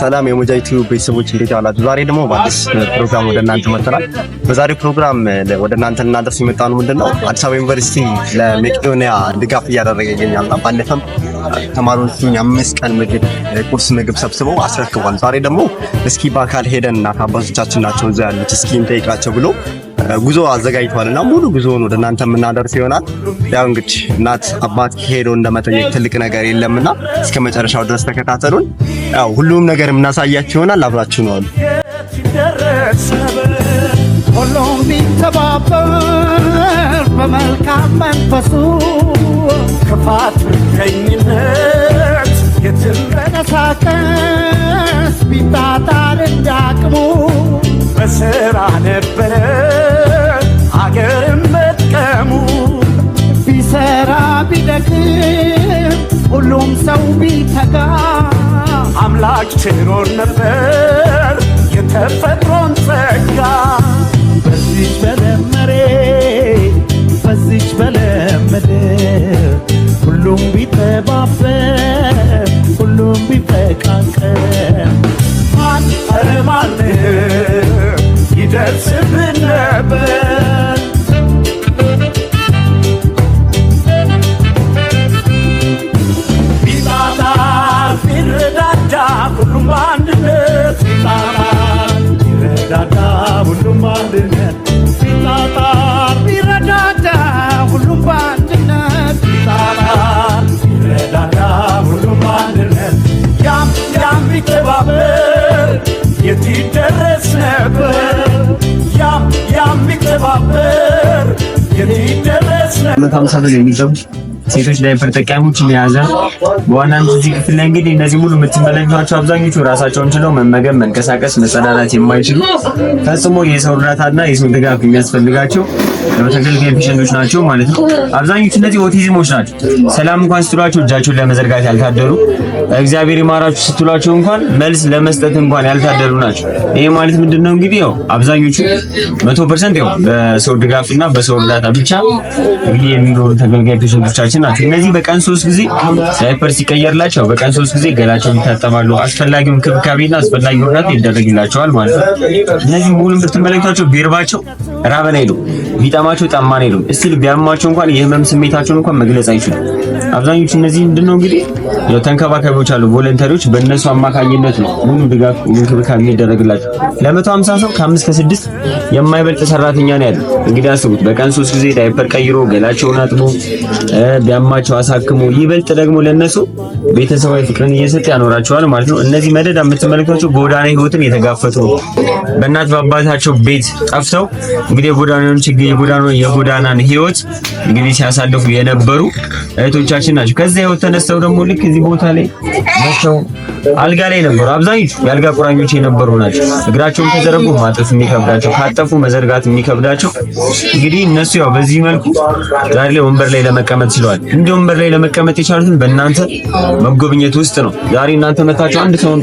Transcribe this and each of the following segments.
ሰላም የሙጃ ዩቲዩብ ቤተሰቦች እንዴት ዋላችሁ? ዛሬ ደግሞ በአዲስ ፕሮግራም ወደ እናንተ መጥተናል። በዛሬው ፕሮግራም ወደ እናንተ ልናደርስ የመጣ ነው ምንድነው አዲስ አበባ ዩኒቨርሲቲ ለመቄዶንያ ድጋፍ እያደረገ ይገኛልና ባለፈም ተማሪዎቹ የአምስት ቀን ምግብ ቁርስ ምግብ ሰብስበው አስረክቧል። ዛሬ ደግሞ እስኪ በአካል ሄደን እና አባቶቻችን ናቸው እዛ ያሉት እስኪ እንጠይቃቸው ብሎ ጉዞ አዘጋጅቷል እና ሙሉ ጉዞውን ወደ እናንተ የምናደርስ ይሆናል። ያው እንግዲህ እናት አባት ሄዶ እንደመጠየቅ ትልቅ ነገር የለምና እስከ መጨረሻው ድረስ ተከታተሉን። ያው ሁሉም ነገር የምናሳያችሁ ይሆናል። አብራችሁ ነው አሉ ሁሉም ቢተባበር በመልካም መንፈሱ ክፋት ቢተጋ አምላክ ትኖር ነበር የተፈጥሮን ጸጋ በዚች በለመሬ በዚች በለመደ ሁሉም ቢተባበር 他们唱的《人张。ሴቶች ዳይፐር ተጠቃሚዎችን የያዘ በዋናነት እዚህ ክፍል ላይ እንግዲህ እነዚህ ሙሉ የምትመለከቷቸው አብዛኞቹ ራሳቸውን ችለው መመገብ፣ መንቀሳቀስ፣ መጸዳዳት የማይችሉ ፈጽሞ የሰው እርዳታና የሰው ድጋፍ የሚያስፈልጋቸው በመተንከል ፔሸንቶች ናቸው ማለት ነው። አብዛኞቹ እነዚህ ኦቲዝሞች ናቸው። ሰላም እንኳን ስትሏቸው እጃቸውን ለመዘርጋት ያልታደሉ፣ እግዚአብሔር ይማራችሁ ስትሏቸው እንኳን መልስ ለመስጠት እንኳን ያልታደሩ ናቸው። ይሄ ማለት ምንድን ነው እንግዲህ ያው አብዛኞቹ መቶ ፐርሰንት ያው በሰው ድጋፍና በሰው እርዳታ ብቻ እንግዲህ የሚኖሩ ተገልጋይ ፔሸንቶቻችን ሴቶች ናቸው። እነዚህ በቀን ሶስት ጊዜ ዳይፐር ሲቀየርላቸው በቀን ሶስት ጊዜ ገላቸውን ይታጠባሉ። አስፈላጊው እንክብካቤና አስፈላጊ ውራት ይደረግላቸዋል ማለት ነው። እነዚህ ሙሉን ብትመለከቷቸው ቢርባቸው ራበን አይሉም፣ ቢጠማቸው ጠማን አይሉም፣ እስቲል ቢያማቸው እንኳን የህመም ስሜታቸውን እንኳን መግለጽ አይችሉም። አብዛኞቹ እነዚህ ነው እንግዲህ ተንከባካቢዎች አሉ፣ ቮለንተሪዎች። በእነሱ አማካኝነት ነው ሙሉ ድጋፍ እንክብካቤ የሚደረግላቸው። ለመቶ ሀምሳ ሰው ከአምስት ከስድስት የማይበልጥ ሰራተኛ ነው ያለው። እንግዲህ አስቡት፣ በቀን ሶስት ጊዜ ዳይፐር ቀይሮ ገላቸውን አጥቦ ቢያማቸው አሳክሞ፣ ይበልጥ ደግሞ ለእነሱ ቤተሰባዊ ፍቅርን እየሰጠ ያኖራቸዋል ማለት ነው። እነዚህ መደዳ የምትመለከታቸው ጎዳና ህይወትን የተጋፈቱ ነው። በእናት በአባታቸው ቤት ጠፍተው እንግዲህ የጎዳናን ችግር የጎዳናን ህይወት እንግዲህ ሲያሳልፉ የነበሩ እህቶቻችን ናቸው። ከዚያ ህይወት ተነስተው ደግሞ ልክ እዚህ ቦታ ላይ ናቸው። አልጋ ላይ ነበሩ። አብዛኞቹ የአልጋ ቁራኞች የነበሩ ናቸው። እግራቸውን ከዘረጉ ማጠፍ የሚከብዳቸው፣ ካጠፉ መዘርጋት የሚከብዳቸው እንግዲህ እነሱ ያው በዚህ መልኩ ዛሬ ላይ ወንበር ላይ ለመቀመጥ ችለዋል። እንዲ ወንበር ላይ ለመቀመጥ የቻሉትን በእናንተ መጎብኘት ውስጥ ነው። ዛሬ እናንተ መታችሁ አንድ ሰውን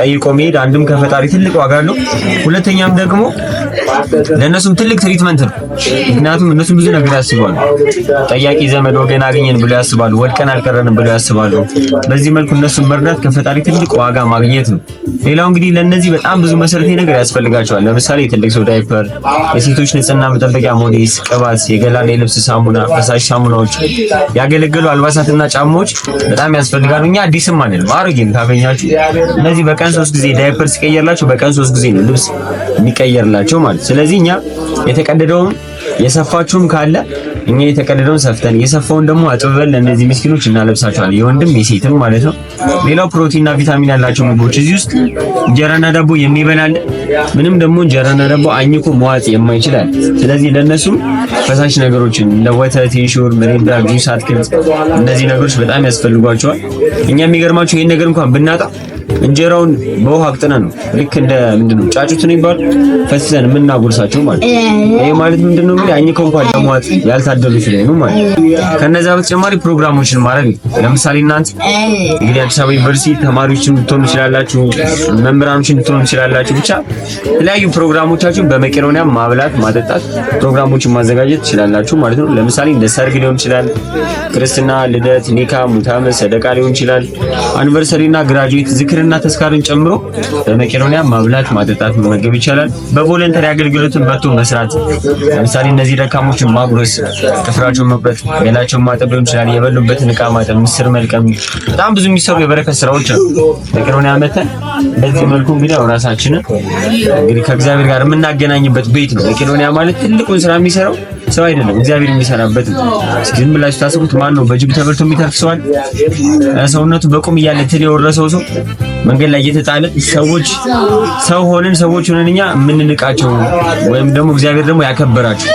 ጠይቆ መሄድ አንድም ከፈጣሪ ትልቅ ዋጋ አለው፣ ሁለተኛም ደግሞ ለእነሱም ትልቅ ትሪትመንት ነው። ምክንያቱም እነሱ ብዙ ነገር ያስባሉ። ጠያቂ ዘመድ ወገን አገኘን ብለው ያስባሉ። ወድቀን አልቀረንም ብለው ያስባሉ። በዚህ መልኩ እነሱን መርዳት ከፈጣሪ ትልቅ ዋጋ ማግኘት ነው። ሌላው እንግዲህ ለእነዚህ በጣም ብዙ መሰረታዊ ነገር ያስፈልጋቸዋል። ለምሳሌ ትልቅ ሰው ዳይፐር፣ የሴቶች ንጽህና መጠበቂያ ሞዴስ፣ ቅባት፣ የገላና የልብስ ሳሙና፣ ፈሳሽ ሳሙናዎች፣ ያገለገሉ አልባሳትና ጫማዎች በጣም ያስፈልጋሉ። እኛ አዲስም አንልም አሮጌም ታገኛችሁ። እነዚህ በቀን ሶስት ጊዜ ዳይፐር ሲቀየርላቸው በቀን ሶስት ጊዜ ነው ልብስ የሚቀየርላቸው ማለት። ስለዚህ እኛ የተቀደደውም የሰፋችሁም ካለ እኛ የተቀደደውን ሰፍተን የሰፋውን ደግሞ አጥበን ለእነዚህ ምስኪኖች እናለብሳቸዋለን። የወንድም የሴትም ማለት ነው። ሌላው ፕሮቲንና ቪታሚን ያላቸው ምግቦች እዚህ ውስጥ እንጀራና ዳቦ የሚበላል ምንም ደግሞ እንጀራና ዳቦ አኝኮ መዋጥ የማይችላል። ስለዚህ ለእነሱም ፈሳሽ ነገሮችን እንደ ወተት፣ ኢንሹር፣ ምሪንዳ፣ ጁስ፣ አትክልት እነዚህ ነገሮች በጣም ያስፈልጓቸዋል። እኛ የሚገርማቸው ይህን ነገር እንኳን ብናጣ እንጀራውን በውሃ አቅጥነ ነው ልክ እንደ ምንድን ነው ጫጩትን ይባል ፈስዘን የምናጎርሳቸው ማለት ይሄ ማለት ምንድን ነው እንግዲህ አኝከው እንኳን ለሟት ያልታደሉ ስለሆነ ማለት ከነዛ በተጨማሪ ፕሮግራሞችን ማድረግ ለምሳሌ እናንተ እንግዲህ አዲስ አበባ ዩኒቨርሲቲ ተማሪዎችን ልትሆኑ ይችላላችሁ መምህራኖችን ልትሆኑ ይችላላችሁ ብቻ የተለያዩ ፕሮግራሞቻችሁን በመቄዶንያ ማብላት ማጠጣት ፕሮግራሞችን ማዘጋጀት ትችላላችሁ ማለት ነው ለምሳሌ እንደ ሰርግ ሊሆን ይችላል ክርስትና ልደት ኒካ ሙታመ ሰደቃ ሊሆን ይችላል አኒቨርሰሪ እና ግራጁዌት ዝክር እና ተስካርን ጨምሮ በመቄዶንያ ማብላት፣ ማጠጣት፣ መመገብ ይቻላል። በቮለንተሪ አገልግሎትን በቶ መስራት፣ ለምሳሌ እነዚህ ደካሞችን ማጉረስ፣ ጥፍራቸውን መቁረጥ፣ ገላቸውን ማጠብ ሊሆን ይችላል። የበሉበትን እቃ ማጠብ፣ ምስር መልቀም፣ በጣም ብዙ የሚሰሩ የበረከት ስራዎች አሉ። መቄዶንያ መተን በዚህ መልኩ እንግዲህ ራሳችንን እንግዲህ ከእግዚአብሔር ጋር የምናገናኝበት ቤት ነው። መቄዶንያ ማለት ትልቁን ስራ የሚሰራው ሰው አይደለም፣ እግዚአብሔር የሚሰራበት ነው። ዝም ብላችሁ ታስቡት። ማን ነው በጅብ ተበልቶ የሚተርፍሰዋል? ሰውነቱ በቁም እያለ ትል የወረሰው ሰው መንገድ ላይ እየተጣለ ሰዎች ሰው ሆነን ሰዎች ሆነን እኛ የምንንቃቸው ወይም ደግሞ እግዚአብሔር ደግሞ ያከበራቸው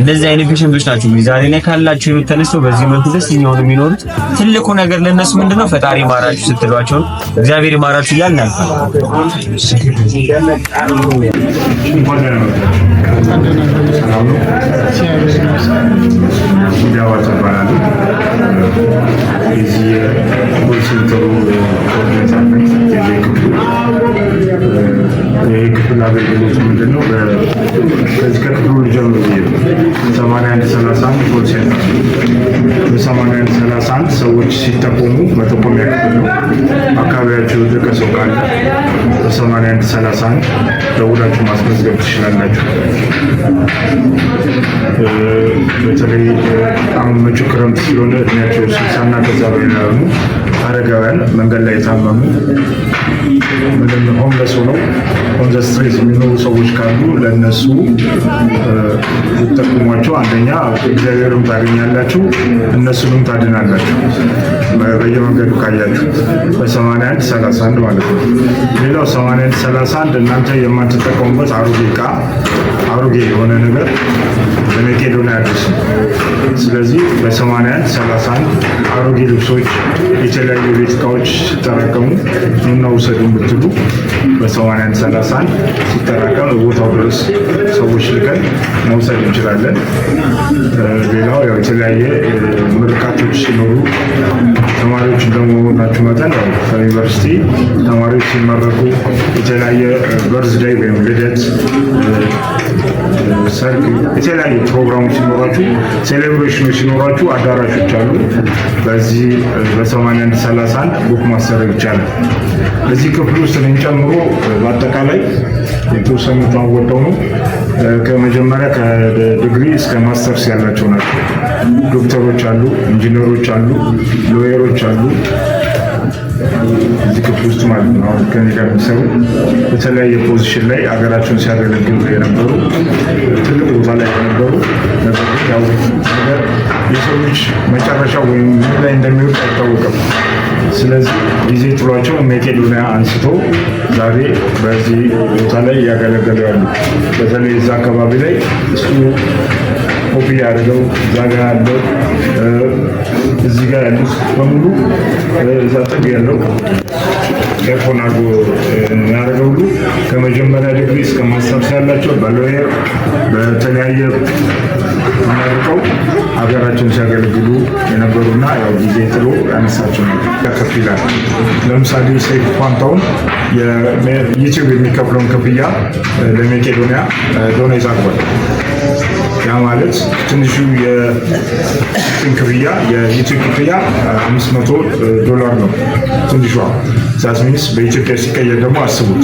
እንደዚህ አይነት ፔሸንቶች ናቸው። ዛሬ ላይ ካላቸው የምተነስተው በዚህ መልኩ ደስ የሚሆኑ የሚኖሩት ትልቁ ነገር ለእነሱ ምንድን ነው? ፈጣሪ ማራችሁ ስትሏቸው እግዚአብሔር ማራችሁ እያልን እናልፋለን። ዳዋት ይባላሉ። የዚህ የኮልሴንተሩ ኮርዲኔተርነት ይህ ክፍል አገልግሎት ምንድን ነው? ከዚህ ከክፍሉ ልጀምር ብዬ ሰማንያ አንድ ሰላሳ አንድ ኮልሴንተር በሰማንያ አንድ ሰላሳ አንድ ሰዎች ሲጠቆሙ መጠቆሚያ ክፍል ነው። አካባቢያቸው የወደቀ ሰው ካለ በ8131 ደውላችሁ ማስመዝገብ ትችላላችሁ። በተለይ አሁን መጪው ክረምት ስለሆነ እድሜያቸው ስልሳና ከዛ በላይ አረጋውያን መንገድ ላይ የታመሙ ምንም ሆምለስ ሆነው ኦን ዘ የሚኖሩ ሰዎች ካሉ ለእነሱ ብትጠቁሟቸው አንደኛ እግዚአብሔርም ታገኛላችሁ፣ እነሱንም ታድናላችሁ። በየመንገዱ ካያችሁ በ8131 ማለት ነው። ሌላው 8131 እናንተ የማትጠቀሙበት አሮጌ ዕቃ አሮጌ የሆነ ነገር በመቄዶንያ አዲስ ነው። ስለዚህ በ8131 አሮጌ ልብሶች፣ የተለያዩ የቤት እቃዎች ሲጠራቀሙ ኑና ውሰዱ ብትሉ በ8131 ሲጠራቀም በቦታው ድረስ ሰዎች ልከን መውሰድ እንችላለን። ሌላው ያው የተለያየ ምርቃቶች ሲኖሩ ተማሪዎች እንደመሆናችሁ መጠን ከዩኒቨርሲቲ ተማሪዎች ሲመረቁ የተለያየ በርዝደይ ወይም ልደት፣ ሰርግ፣ የተለያዩ ፕሮግራሞች ሲኖራችሁ፣ ሴሌብሬሽኖች ሲኖራችሁ አዳራሾች አሉ። በዚህ በ81 31 ቡክ ማሰረግ ይቻላል። እዚህ ክፍል ውስጥ እኔን ጨምሮ በአጠቃላይ የተወሰኑት ማወጣው ነው። ከመጀመሪያ ከዲግሪ እስከ ማስተርስ ያላቸው ናቸው። ዶክተሮች አሉ፣ ኢንጂነሮች አሉ፣ ሎየሮች አሉ እዚህ ክፍል ውስጥ ማለት ነው። አሁን ከኔ ጋር የሚሰሩ በተለያየ ፖዚሽን ላይ ሀገራቸውን ሲያገለግሉ የነበሩ ትልቅ ቦታ ላይ የነበሩ ያው የሰው ልጅ መጨረሻ ወይም ምን ላይ እንደሚወድ አይታወቅም። ስለዚህ ጊዜ ጥሏቸው መቄዶንያ አንስቶ ዛሬ በዚህ ቦታ ላይ እያገለገሉ ያሉ በተለይ እዛ አካባቢ ላይ እሱ ኮፒ ያደርገው ዛጋ ያለው እዚህ ጋር ያሉት በሙሉ ዛጥብ ያለው ዲያቆናት የሚያደርገው ሁሉ ከመጀመሪያ ዲግሪ እስከ ማስተርስ ያላቸው በሎየር በተለያየ ተመርቀው ሀገራቸውን ሲያገለግሉ የነበሩና ያው ጊዜ ጥሎ ያነሳቸው ከፍላል። ለምሳሌ ሴፍ ኳንታውን ዩቲዩብ የሚከፍለውን ክፍያ ለመቄዶንያ ዶኔት አድርጓል። ያ ማለት ትንሹ የዩቲዩብ ክፍያ የዩቲዩብ ክፍያ አምስት ዶላር ነው ትንሿ። ዛትሚኒስ በኢትዮጵያ ሲቀየር ደግሞ አስቡት።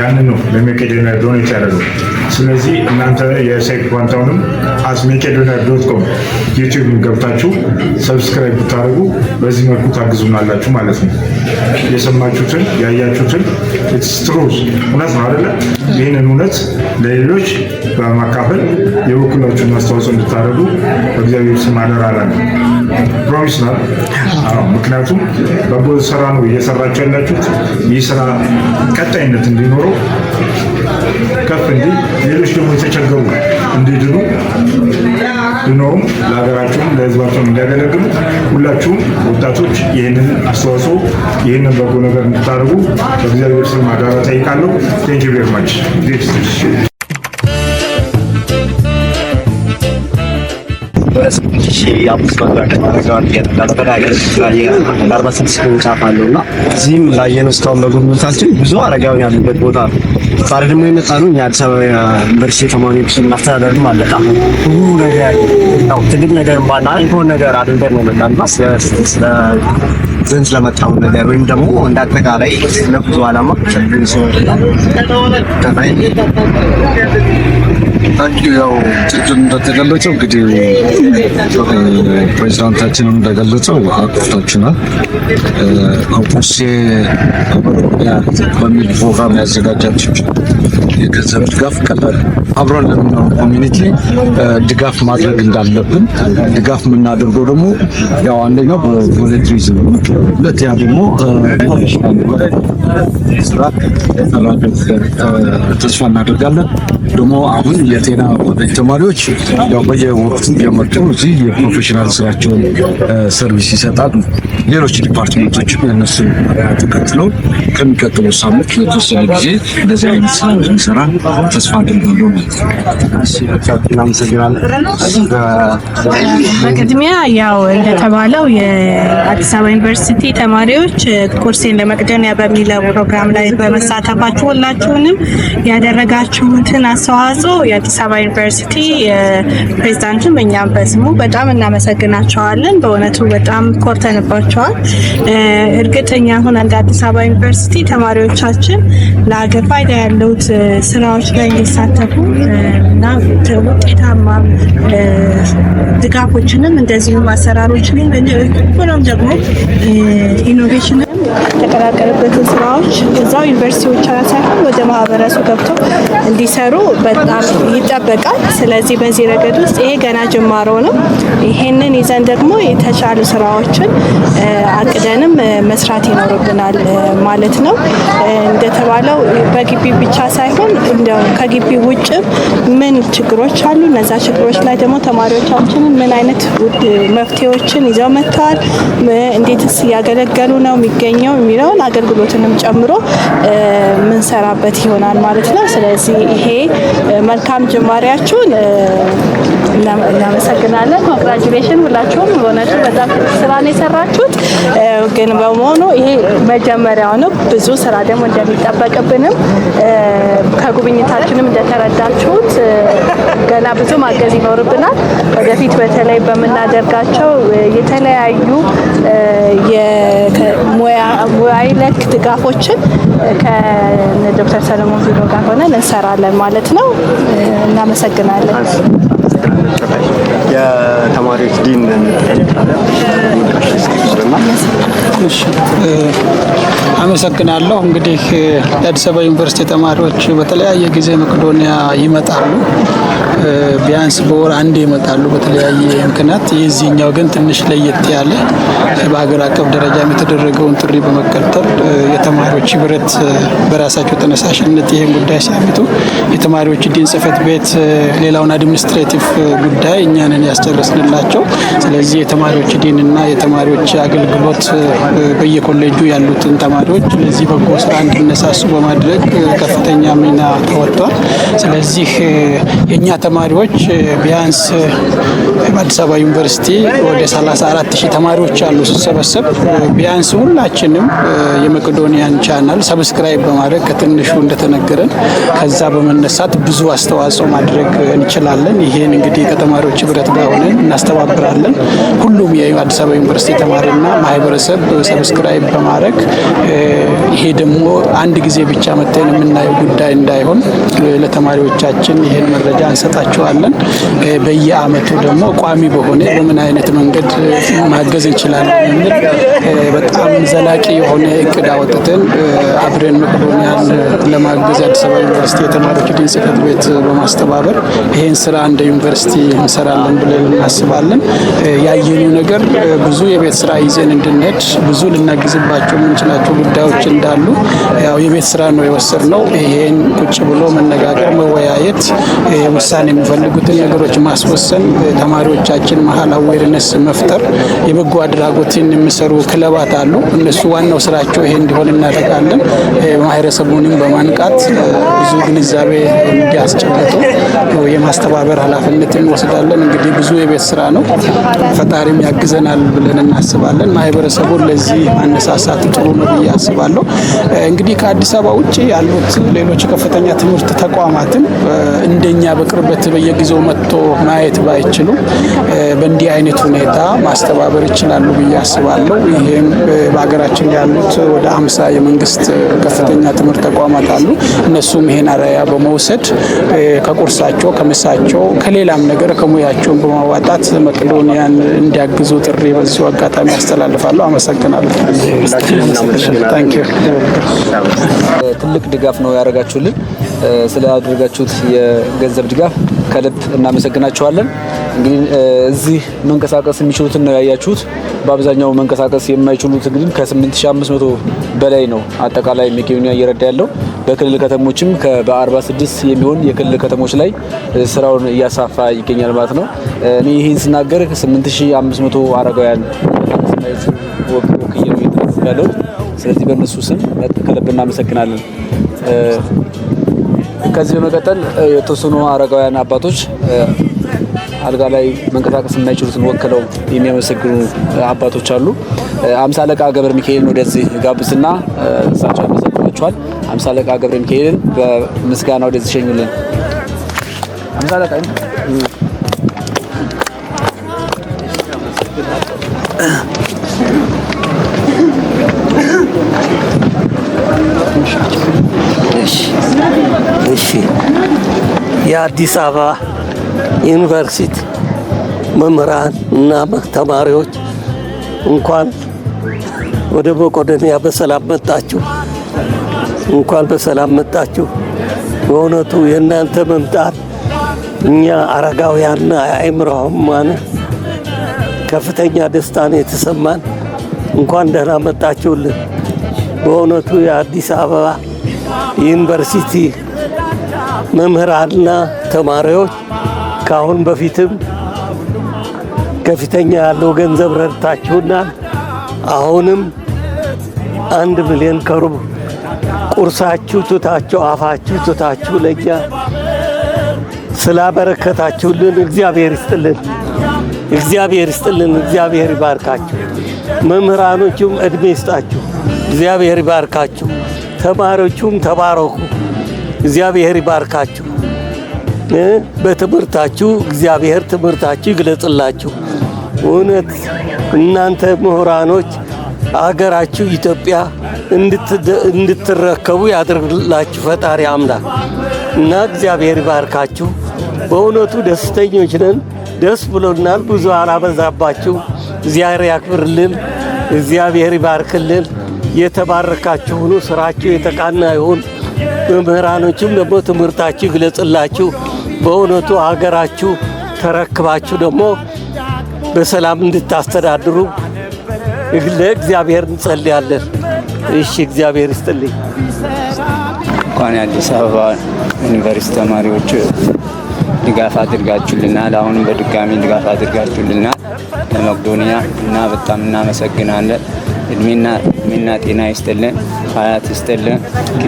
ያንን ነው ለመቄዶንያ ዶኔት ያደረገው። ስለዚህ እናንተ የሳይክ ኳንታውንም አት መቄዶንያ ዶት ኮም ዩቲዩብ ገብታችሁ ሰብስክራይብ ብታደርጉ በዚህ መልኩ ታግዙናላችሁ ማለት ነው። የሰማችሁትን ያያችሁትን ስትሮዝ እውነት ነው አደለ? ይህንን እውነት ለሌሎች በማካፈል የበኩላችሁ የበኩላችሁን አስተዋጽኦ እንድታደርጉ በእግዚአብሔር ስም አደራ አላለ። ፕሮሚስ ነው። ምክንያቱም በጎ ስራ ነው እየሰራችሁ ያላችሁት። ይህ ስራ ቀጣይነት እንዲኖረው ከፍ እንዲ ሌሎች ደግሞ የተቸገሩ እንዲድኑ ድኖውም ለሀገራቸውም ለሕዝባቸውም እንዲያገለግሉ ሁላችሁም ወጣቶች ይህንን አስተዋጽኦ ይህንን በጎ ነገር እንድታደርጉ በእግዚአብሔር ስም አደራ ጠይቃለሁ። ቴንኪ ቬሪ ማች ወደ እዚህም ላየነው እስካሁን በጉብኝታችን ብዙ አረጋውያን ያሉበት ቦታ ነው። ዛሬ ደግሞ የመጣነው እኛ አዲስ አበባ ዩኒቨርሲቲ ተማሪዎች እናስተዳደርም አለቃ ብዙ ነገር ትልቅ ነገር ባና የሆነ ነገር አድርገን ነው መጣና ስለ ዘንድ ስለመጣው ነገር ወይም ደግሞ እንደ አጠቃላይ ለብዙ ዓላማ ሰው ያው እንደተገለጸው እንግዲህ ፕሬዚዳንታችንም እንደገለጸው አቁፍታችናል አቁሴ በሚል ፕሮግራም ያዘጋጃችሁ የገንዘብ ድጋፍ ቀላል አብረን ለምናው ኮሚኒቲ ድጋፍ ማድረግ እንዳለብን ድጋፍ የምናደርገው ደግሞ ያው አንደኛው በቮለንትሪዝም ነው። ሁለተኛ ደግሞ ስራ ተስፋ እናደርጋለን። ደግሞ አሁን የጤና ተማሪዎች በየወቅቱ እየመጡ እዚህ የፕሮፌሽናል ስራቸውን ሰርቪስ ይሰጣሉ። ሌሎች ዲፓርትሜንቶችም የእነሱ ተከትለው ከሚቀጥሉ ሳምንት የተወሰነ ጊዜ እንደዚህ አይነት ስራ እንሰራ ተስፋ አድርጋለሁ። በቅድሚያ ያው እንደተባለው የአዲስ አበባ ዩኒቨርሲቲ ተማሪዎች ቁርሴን ለመቅደሚያ በሚለው ፕሮግራም ላይ በመሳተፋችሁ ሁላችሁንም ያደረጋችሁትን አስተዋጽኦ የአዲስ አበባ ዩኒቨርሲቲ ፕሬዚዳንትም በእኛም በስሙ በጣም እናመሰግናቸዋለን። በእውነቱ በጣም ኮርተንባቸዋል። እርግጠኛ ሁን እንደ አዲስ አበባ ዩኒቨርሲቲ ተማሪዎቻችን ለሀገር ፋይዳ ያለውት ስራዎች ላይ እንዲሳተፉ እና ውጤታማ ድጋፎችንም እንደዚሁም አሰራሮችንም ሁኖም ደግሞ ኢኖቬሽን የተቀላቀለበትን ስራዎች እዛው ዩኒቨርሲቲ ብቻ ሳይሆን ወደ ማህበረሰቡ ገብተው እንዲሰሩ በጣም ይጠበቃል። ስለዚህ በዚህ ረገድ ውስጥ ይሄ ገና ጅማሮ ነው። ይሄንን ይዘን ደግሞ የተቻሉ ስራዎችን አቅደንም መስራት ይኖርብናል ማለት ነው። እንደተባለው በግቢ ብቻ ሳይሆን እንደው ከግቢ ውጭ ምን ችግሮች አሉ፣ እነዛ ችግሮች ላይ ደግሞ ተማሪዎቻችን ምን አይነት መፍትሄዎችን ይዘው መጥተዋል፣ እንዴትስ እያገለገሉ ነው የሚገኙ የምናገኘው የሚለውን አገልግሎትንም ጨምሮ ምንሰራበት ይሆናል ማለት ነው። ስለዚህ ይሄ መልካም ጅማሬያችሁን እናመሰግናለን። ኮንግራጁሌሽን ሁላችሁም የሆነች በጣም ስራ ነው የሰራችሁት። ግን በመሆኑ ይሄ መጀመሪያው ነው። ብዙ ስራ ደግሞ እንደሚጠበቅብንም ከጉብኝታችንም እንደተረዳችሁት ገና ብዙ ማገዝ ይኖርብናል። ወደፊት በተለይ በምናደርጋቸው የተለያዩ የሙያ አይነት ድጋፎችን ከዶክተር ሰለሞን ቢሮ ጋር ሆነን እንሰራለን ማለት ነው። እናመሰግናለን። የተማሪዎች ዲን አመሰግናለሁ። እንግዲህ የአዲስ አበባ ዩኒቨርሲቲ ተማሪዎች በተለያየ ጊዜ መቄዶንያ ይመጣሉ። ቢያንስ በወር አንድ ይመጣሉ በተለያየ ምክንያት። የዚህኛው ግን ትንሽ ለየት ያለ በሀገር አቀፍ ደረጃ የተደረገውን ጥሪ በመቀጠል የተማሪዎች ህብረት በራሳቸው ተነሳሽነት ይህን ጉዳይ ሲያመጡ የተማሪዎች ዲን ጽህፈት ቤት ሌላውን አድሚኒስትሬቲቭ ጉዳይ እኛንን ያስጨረስንላቸው። ስለዚህ የተማሪዎች ዲንና የተማሪዎች አገልግሎት በየኮሌጁ ያሉትን ተማሪዎች ለዚህ በጎ ስራ እንዲነሳሱ በማድረግ ከፍተኛ ሚና ተወጥቷል። ስለዚህ የእኛ ተማሪዎች ቢያንስ በአዲስ አበባ ዩኒቨርሲቲ ወደ 34 ሺህ ተማሪዎች አሉ ስሰበሰብ ቢያንስ ሁላችንም የመቄዶንያን ቻናል ሰብስክራይብ በማድረግ ከትንሹ እንደተነገረን ከዛ በመነሳት ብዙ አስተዋጽኦ ማድረግ እንችላለን። ይህን እንግዲህ ከተማሪዎች ህብረት ጋር ሆነን እናስተባብራለን። ሁሉም የአዲስ አበባ ዩኒቨርሲቲ ተማሪና ማህበረሰብ ሰብስክራይብ በማድረግ ይሄ ደግሞ አንድ ጊዜ ብቻ መጥተን የምናየው ጉዳይ እንዳይሆን ለተማሪዎቻችን ይህን መረጃ እንሰጣችኋለን። በየአመቱ ደግሞ ቋሚ በሆነ በምን አይነት መንገድ ማገዝ እንችላለን የሚል በጣም ዘላቂ የሆነ እቅድ አወጥተን አብረን መቅዶኒያን ለማገዝ አዲስ አበባ ዩኒቨርሲቲ የተማሪዎች ቡድን ጽሕፈት ቤት በማስተባበር ይህን ስራ እንደ ዩኒቨርሲቲ እንሰራለን ብለን እናስባለን። ያየኑ ነገር ብዙ የቤት ስራ ይዘን እንድንሄድ ብዙ ልናግዝባቸው የምንችላቸው ጉዳዮች እንዳሉ ያው የቤት ስራ ነው የወሰድነው። ይሄን ቁጭ ብሎ መነጋገር፣ መወያየት፣ ውሳኔ የሚፈልጉትን ነገሮች ማስወሰን፣ ተማሪዎቻችን መሀል አዌርነስ መፍጠር፣ የበጎ አድራጎትን የሚሰሩ ክለባት አሉ። እነሱ ዋናው ስራቸው ይሄ እንዲሆን እናደርጋለን። ማህበረሰቡንም በማንቃት ብዙ ግንዛቤ እንዲያስጨብጡ የማስተባበር ኃላፊነት እንወስዳለን። እንግዲህ ብዙ የቤት ስራ ነው። ፈጣሪም ያግዘናል ብለን እናስባለን። ማህበረሰቡን ለዚህ ማነሳሳት ጥሩ ነው ብዬ አስባለሁ። እንግዲህ ከአዲስ አበባ ውጭ ያሉት ሌሎች ከፍተኛ ትምህርት ተቋማትም እንደኛ በቅርበት በየጊዜው መጥቶ ማየት ባይችሉ በእንዲህ አይነት ሁኔታ ማስተባበር ይችላሉ ብዬ አስባለሁ። ይህም በሀገራችን ያሉት ወደ አምሳ የመንግስት ከፍተኛ ትምህርት ተቋማት አሉ። እነሱም ይሄን አርአያ በመውሰድ ከቁርሳቸው፣ ከምሳቸው፣ ከሌላም ነገር ከሙያቸውን በማዋጣት መቄዶንያን እንዲያግዙ ጥሪ በዚሁ አጋጣሚ ያስተላልፋለሁ። አመሰግናለሁ። እናመሰግናለን። ትልቅ ድጋፍ ነው ያደረጋችሁልን። ስላደረጋችሁት የገንዘብ ድጋፍ ከልብ እናመሰግናችኋለን። እንግዲህ እዚህ መንቀሳቀስ የሚችሉትን ነው ያያችሁት። በአብዛኛው መንቀሳቀስ የማይችሉት እንግዲህ ከ8500 በላይ ነው አጠቃላይ መቄዶንያ እየረዳ ያለው በክልል ከተሞችም በ46 የሚሆን የክልል ከተሞች ላይ ስራውን እያሳፋ ይገኛል ማለት ነው። እኔ ይህን ስናገር 8500 አረጋውያን ወክዬ ነው እየተናገርኩ ያለሁት። ስለዚህ በእነሱ ስም ከልብ እናመሰግናለን። ከዚህ በመቀጠል የተወሰኑ አረጋውያን አባቶች አልጋ ላይ መንቀሳቀስ የማይችሉትን ወክለው የሚያመሰግኑ አባቶች አሉ። አምሳ አለቃ ገብረ ሚካኤልን ወደዚህ ጋብዝና እሳቸው ያመሰግኗቸዋል። አምሳ አለቃ ገብረ ሚካኤልን በምስጋና ወደዚህ ሸኙልን። አምሳ አለቃ የአዲስ አበባ ዩኒቨርሲቲ መምህራን እና ተማሪዎች እንኳን ወደ መቄዶንያ በሰላም መጣችሁ፣ እንኳን በሰላም መጣችሁ። በእውነቱ የእናንተ መምጣት እኛ አረጋውያንና አእምሮ ሕሙማን ከፍተኛ ደስታን የተሰማን እንኳን ደህና መጣችሁልን። በእውነቱ የአዲስ አበባ ዩኒቨርሲቲ መምህራንና ተማሪዎች ከአሁን በፊትም ከፊተኛ ያለው ገንዘብ ረድታችሁናል። አሁንም አንድ ሚሊዮን ከሩብ ቁርሳችሁ ትታችሁ አፋችሁ ትታችሁ ለእኛ ስላበረከታችሁልን እግዚአብሔር ይስጥልን፣ እግዚአብሔር ይስጥልን፣ እግዚአብሔር ይባርካችሁ። መምህራኖቹም እድሜ ይስጣችሁ፣ እግዚአብሔር ይባርካችሁ። ተማሪዎቹም ተባረኩ። እግዚአብሔር ይባርካችሁ። በትምህርታችሁ እግዚአብሔር ትምህርታችሁ ይግለጽላችሁ። እውነት እናንተ ምሁራኖች አገራችሁ ኢትዮጵያ እንድትረከቡ ያደርግላችሁ ፈጣሪ አምላክ እና እግዚአብሔር ይባርካችሁ። በእውነቱ ደስተኞች ነን፣ ደስ ብሎናል። ብዙ አላበዛባችሁ። እግዚአብሔር ያክብርልን፣ እግዚአብሔር ይባርክልን። የተባረካችሁ ሁኑ። ስራችሁ የተቃና ይሁን። መምህራኖችም ደግሞ ትምህርታችሁ ይግለጽላችሁ። በእውነቱ አገራችሁ ተረክባችሁ ደግሞ በሰላም እንድታስተዳድሩ ለእግዚአብሔር እንጸልያለን። እሺ፣ እግዚአብሔር ይስጥልኝ። እንኳን የአዲስ አበባ ዩኒቨርሲቲ ተማሪዎች ድጋፍ አድርጋችሁልናል። አሁንም በድጋሚ ድጋፍ አድርጋችሁልናል። ለመቄዶንያ እና በጣም እናመሰግናለን። እድሜና ጤና ይስጥልን፣ ሀያት ይስጥልን።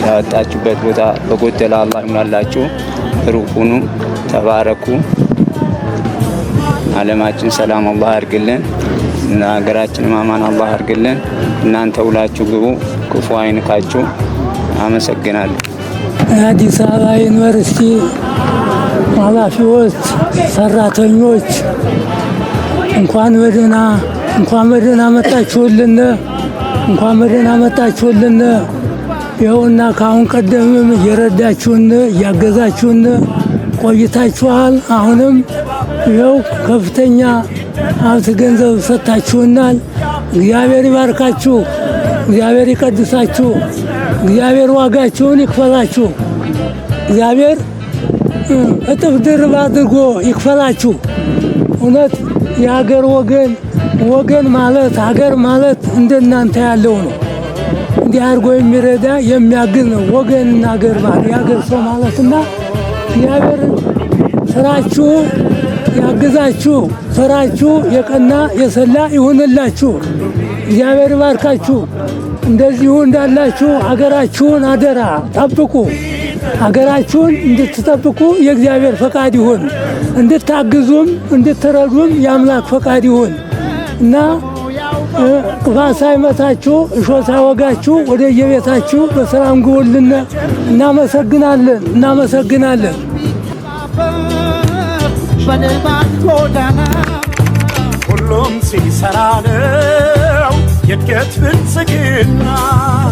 ያወጣችሁበት ቦታ በጎደለ አላህ ይሙላላችሁ። ሩቁኑ ተባረኩ። አለማችን ሰላም አላህ ያርግልን። ሀገራችን አማን አላህ ያርግልን። እናንተ ውላችሁ ግቡ፣ ክፉ አይንካችሁ። አመሰግናለሁ። አዲስ አበባ ዩኒቨርሲቲ ኃላፊዎች፣ ሰራተኞች እንኳን በደህና እንኳን በደህና መጣችሁልን። እንኳን በደህና መጣችሁልን። ይኸውና ከአሁን ቀደምም እየረዳችሁን እያገዛችሁን ቆይታችኋል። አሁንም ይኸው ከፍተኛ ሀብት ገንዘብ ሰጥታችሁናል። እግዚአብሔር ይባርካችሁ፣ እግዚአብሔር ይቀድሳችሁ፣ እግዚአብሔር ዋጋችሁን ይክፈላችሁ፣ እግዚአብሔር እጥፍ ድርብ አድርጎ ይክፈላችሁ እውነት የሀገር ወገን ወገን ማለት ሀገር ማለት እንደናንተ ያለው ነው። እንዲህ አድርጎ የሚረዳ የሚያግዝ ነው። ወገንና ሀገር ማለት የሀገር ሰው ማለትና እግዚአብሔር ስራችሁ ያግዛችሁ፣ ስራችሁ የቀና የሰላ ይሁንላችሁ፣ እግዚአብሔር ይባርካችሁ። እንደዚሁ እንዳላችሁ አገራችሁን አደራ ጠብቁ። አገራችሁን እንድትጠብቁ የእግዚአብሔር ፈቃድ ይሁን። እንድታግዙም እንድትረዱም የአምላክ ፈቃድ ይሁን እና ቅፋ ሳይመታችሁ እሾ ሳይወጋችሁ ወደ የቤታችሁ በሰላም ግቡልን። እናመሰግናለን እናመሰግናለን። ሁሉም ሲሰራ ነው የእድገት ብልጽግና